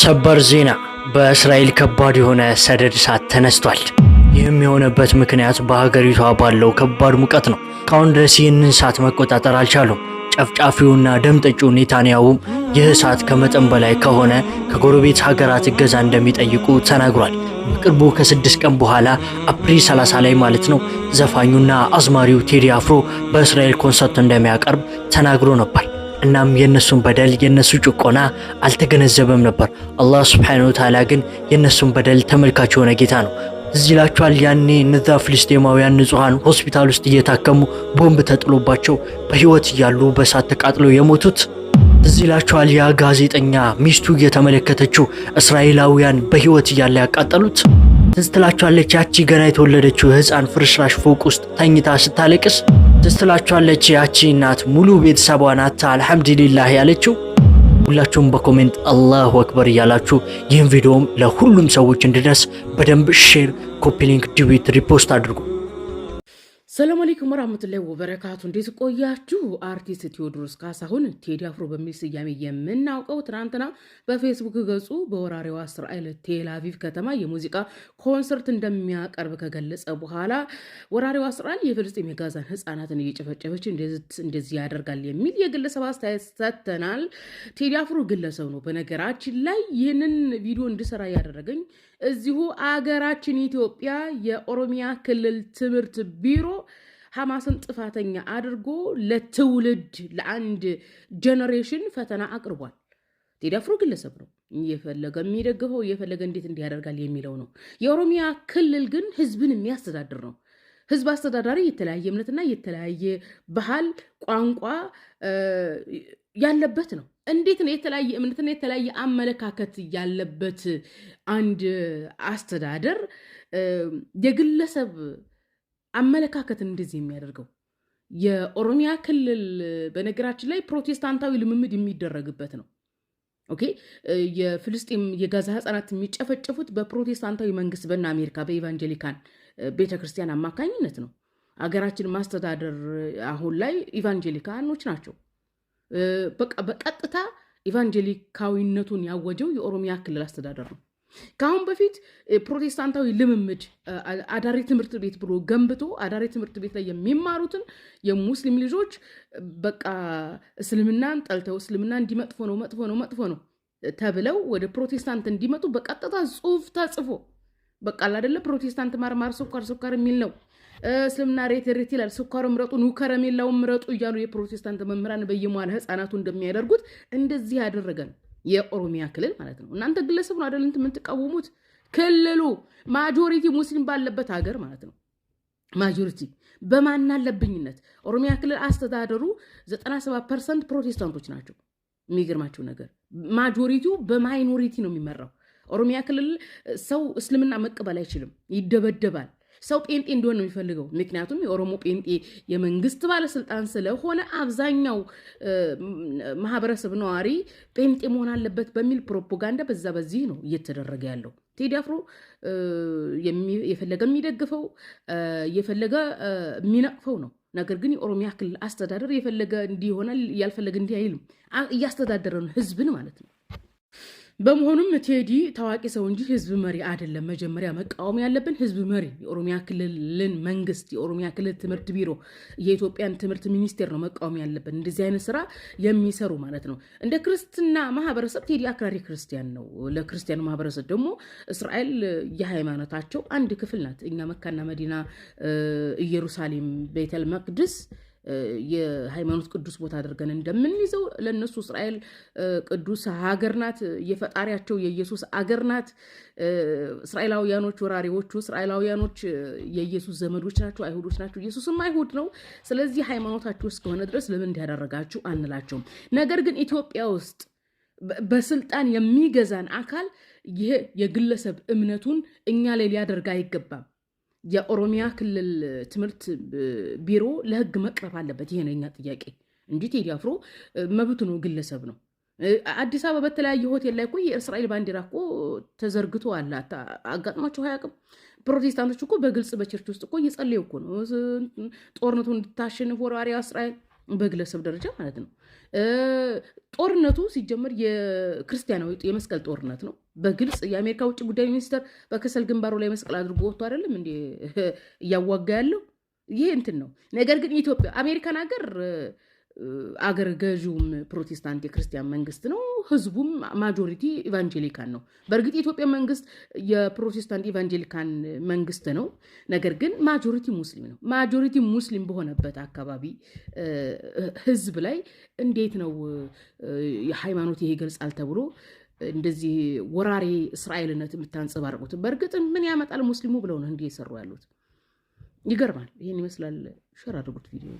ሰበር ዜና! በእስራኤል ከባድ የሆነ ሰደድ እሳት ተነስቷል። ይህም የሆነበት ምክንያት በሀገሪቷ ባለው ከባድ ሙቀት ነው። ካሁን ድረስ ይህንን እሳት መቆጣጠር አልቻሉም። ጨፍጫፊውና ደምጠጩ ኔታንያውም ኔታንያሁም ይህ እሳት ከመጠን በላይ ከሆነ ከጎረቤት ሀገራት እገዛ እንደሚጠይቁ ተናግሯል። በቅርቡ ከስድስት ቀን በኋላ አፕሪል 30 ላይ ማለት ነው ዘፋኙና አዝማሪው ቴዲ አፍሮ በእስራኤል ኮንሰርት እንደሚያቀርብ ተናግሮ ነበር። እናም የነሱን በደል የነሱ ጭቆና አልተገነዘበም ነበር። አላህ ሱብሓነሁ ወተዓላ ግን የነሱን በደል ተመልካች የሆነ ጌታ ነው። እዚህ ይላችኋል። ያኔ እነዛ ፍልስጤማውያን ንጹሐን ሆስፒታል ውስጥ እየታከሙ ቦምብ ተጥሎባቸው በህይወት እያሉ በእሳት ተቃጥለው የሞቱት እዚህ ይላችኋል። ያ ጋዜጠኛ ሚስቱ እየተመለከተችው እስራኤላውያን በህይወት እያለ ያቃጠሉት ትዝ ትላችኋለች። ያቺ ገና የተወለደችው ህፃን ፍርስራሽ ፎቅ ውስጥ ተኝታ ስታለቅስ ትስትላችኋለች ያቺ እናት ሙሉ ቤተሰቧ ናት አልሐምዱሊላህ ያለችው። ሁላችሁም በኮሜንት አላሁ አክበር እያላችሁ ይህን ቪዲዮም ለሁሉም ሰዎች እንዲደርስ በደንብ ሼር፣ ኮፒ ሊንክ፣ ዲዊት፣ ሪፖስት አድርጉ። ሰላም አለይኩም ወራህመቱላሂ ወበረካቱ። እንዴት ቆያችሁ? አርቲስት ቴዎድሮስ ካሳሁን ቴዲ አፍሮ በሚል ስያሜ የምናውቀው ትናንትና በፌስቡክ ገጹ በወራሪዋ እስራኤል ቴልአቪቭ ከተማ የሙዚቃ ኮንሰርት እንደሚያቀርብ ከገለጸ በኋላ ወራሪዋ እስራኤል የፍልስጤም የጋዛን ህጻናትን እየጨፈጨፈች እንደዚህ ያደርጋል የሚል የግለሰብ አስተያየት ሰጥተናል። ቴዲ አፍሮ ግለሰብ ነው። በነገራችን ላይ ይህንን ቪዲዮ እንድሰራ ያደረገኝ እዚሁ አገራችን ኢትዮጵያ የኦሮሚያ ክልል ትምህርት ቢሮ ሐማስን ጥፋተኛ አድርጎ ለትውልድ ለአንድ ጀኔሬሽን ፈተና አቅርቧል። ቴዳፍሮ ግለሰብ ነው እየፈለገ የሚደግፈው እየፈለገ እንዴት እንዲያደርጋል የሚለው ነው። የኦሮሚያ ክልል ግን ህዝብን የሚያስተዳድር ነው። ህዝብ አስተዳዳሪ የተለያየ እምነትና የተለያየ ባህል፣ ቋንቋ ያለበት ነው። እንዴት ነው የተለያየ እምነትና የተለያየ አመለካከት ያለበት አንድ አስተዳደር የግለሰብ አመለካከትን እንደዚህ የሚያደርገው? የኦሮሚያ ክልል በነገራችን ላይ ፕሮቴስታንታዊ ልምምድ የሚደረግበት ነው። ኦኬ የፍልስጤም የጋዛ ህጻናት የሚጨፈጨፉት በፕሮቴስታንታዊ መንግስት በና አሜሪካ በኢቫንጀሊካን ቤተክርስቲያን አማካኝነት ነው። አገራችን ማስተዳደር አሁን ላይ ኢቫንጀሊካኖች ናቸው። በቀጥታ ኢቫንጀሊካዊነቱን ያወጀው የኦሮሚያ ክልል አስተዳደር ነው። ከአሁን በፊት ፕሮቴስታንታዊ ልምምድ አዳሪ ትምህርት ቤት ብሎ ገንብቶ አዳሪ ትምህርት ቤት ላይ የሚማሩትን የሙስሊም ልጆች በቃ እስልምናን ጠልተው እስልምና እንዲመጥፎ ነው መጥፎ ነው መጥፎ ነው ተብለው ወደ ፕሮቴስታንት እንዲመጡ በቀጥታ ጽሁፍ ተጽፎ በቃ አይደለ ፕሮቴስታንት ማርማር ስኳር ስኳር የሚል ነው። እስልምና ሬት ሬት ይላል። ስኳር ምረጡ፣ ኑ ከረሜላውን ምረጡ እያሉ የፕሮቴስታንት መምህራን በየመዋለ ህፃናቱ እንደሚያደርጉት እንደዚህ ያደረገ ነው የኦሮሚያ ክልል ማለት ነው። እናንተ ግለሰብ ነው አይደል የምትቃወሙት ክልሉ ማጆሪቲ ሙስሊም ባለበት ሀገር ማለት ነው። ማጆሪቲ በማናለብኝነት ኦሮሚያ ክልል አስተዳደሩ 97 ፐርሰንት ፕሮቴስታንቶች ናቸው። የሚገርማቸው ነገር ማጆሪቲው በማይኖሪቲ ነው የሚመራው። ኦሮሚያ ክልል ሰው እስልምና መቀበል አይችልም፣ ይደበደባል። ሰው ጴንጤ እንዲሆን ነው የሚፈልገው። ምክንያቱም የኦሮሞ ጴንጤ የመንግስት ባለስልጣን ስለሆነ አብዛኛው ማህበረሰብ ነዋሪ ጴንጤ መሆን አለበት በሚል ፕሮፓጋንዳ በዛ በዚህ ነው እየተደረገ ያለው። ቴዲ አፍሮ የፈለገ የሚደግፈው የፈለገ የሚነቅፈው ነው። ነገር ግን የኦሮሚያ ክልል አስተዳደር የፈለገ እንዲህ ይሆናል ያልፈለገ እንዲህ አይልም። እያስተዳደረ ነው ህዝብን ማለት ነው። በመሆኑም ቴዲ ታዋቂ ሰው እንጂ ህዝብ መሪ አይደለም። መጀመሪያ መቃወም ያለብን ህዝብ መሪ የኦሮሚያ ክልልን መንግስት፣ የኦሮሚያ ክልል ትምህርት ቢሮ፣ የኢትዮጵያን ትምህርት ሚኒስቴር ነው መቃወም ያለብን። እንደዚህ አይነት ስራ የሚሰሩ ማለት ነው። እንደ ክርስትና ማህበረሰብ ቴዲ አክራሪ ክርስቲያን ነው። ለክርስቲያኑ ማህበረሰብ ደግሞ እስራኤል የሃይማኖታቸው አንድ ክፍል ናት። እኛ መካና መዲና፣ ኢየሩሳሌም፣ ቤተል መቅድስ የሃይማኖት ቅዱስ ቦታ አድርገን እንደምንይዘው ለእነሱ እስራኤል ቅዱስ ሀገር ናት፣ የፈጣሪያቸው የኢየሱስ አገር ናት። እስራኤላውያኖች ወራሪዎቹ፣ እስራኤላውያኖች የኢየሱስ ዘመዶች ናቸው፣ አይሁዶች ናቸው፣ ኢየሱስም አይሁድ ነው። ስለዚህ ሃይማኖታችሁ እስከሆነ ድረስ ለምን እንዲያደረጋችሁ አንላቸውም። ነገር ግን ኢትዮጵያ ውስጥ በስልጣን የሚገዛን አካል ይሄ የግለሰብ እምነቱን እኛ ላይ ሊያደርግ አይገባም። የኦሮሚያ ክልል ትምህርት ቢሮ ለህግ መቅረብ አለበት። ይሄ ነው የኛ ጥያቄ እንጂ ቴዲ አፍሮ መብቱ ነው፣ ግለሰብ ነው። አዲስ አበባ በተለያየ ሆቴል ላይ እኮ የእስራኤል ባንዲራ እኮ ተዘርግቶ አለ። አጋጥሟቸው አያውቅም? ፕሮቴስታንቶች እኮ በግልጽ በቸርች ውስጥ እኮ እየጸለዩ እኮ ነው ጦርነቱ እንድታሸንፍ ወራሪ እስራኤል በግለሰብ ደረጃ ማለት ነው። ጦርነቱ ሲጀመር የክርስቲያናዊ የመስቀል ጦርነት ነው። በግልጽ የአሜሪካ ውጭ ጉዳይ ሚኒስተር በከሰል ግንባሩ ላይ መስቀል አድርጎ ወጥቶ አይደለም እንዲ እያዋጋ ያለው ይሄ እንትን ነው። ነገር ግን ኢትዮጵያ አሜሪካን ሀገር አገር ገዢውም ፕሮቴስታንት የክርስቲያን መንግስት ነው። ህዝቡም ማጆሪቲ ኢቫንጀሊካን ነው። በእርግጥ የኢትዮጵያ መንግስት የፕሮቴስታንት ኢቫንጀሊካን መንግስት ነው። ነገር ግን ማጆሪቲ ሙስሊም ነው። ማጆሪቲ ሙስሊም በሆነበት አካባቢ ህዝብ ላይ እንዴት ነው ሃይማኖት ይሄ ይገልጻል ተብሎ እንደዚህ ወራሪ እስራኤልነት የምታንጸባርቁት? በእርግጥ ምን ያመጣል ሙስሊሙ ብለው ነው እንዲህ የሰሩ ያሉት። ይገርማል። ይህን ይመስላል። ሸር አድርጉት ቪዲዮ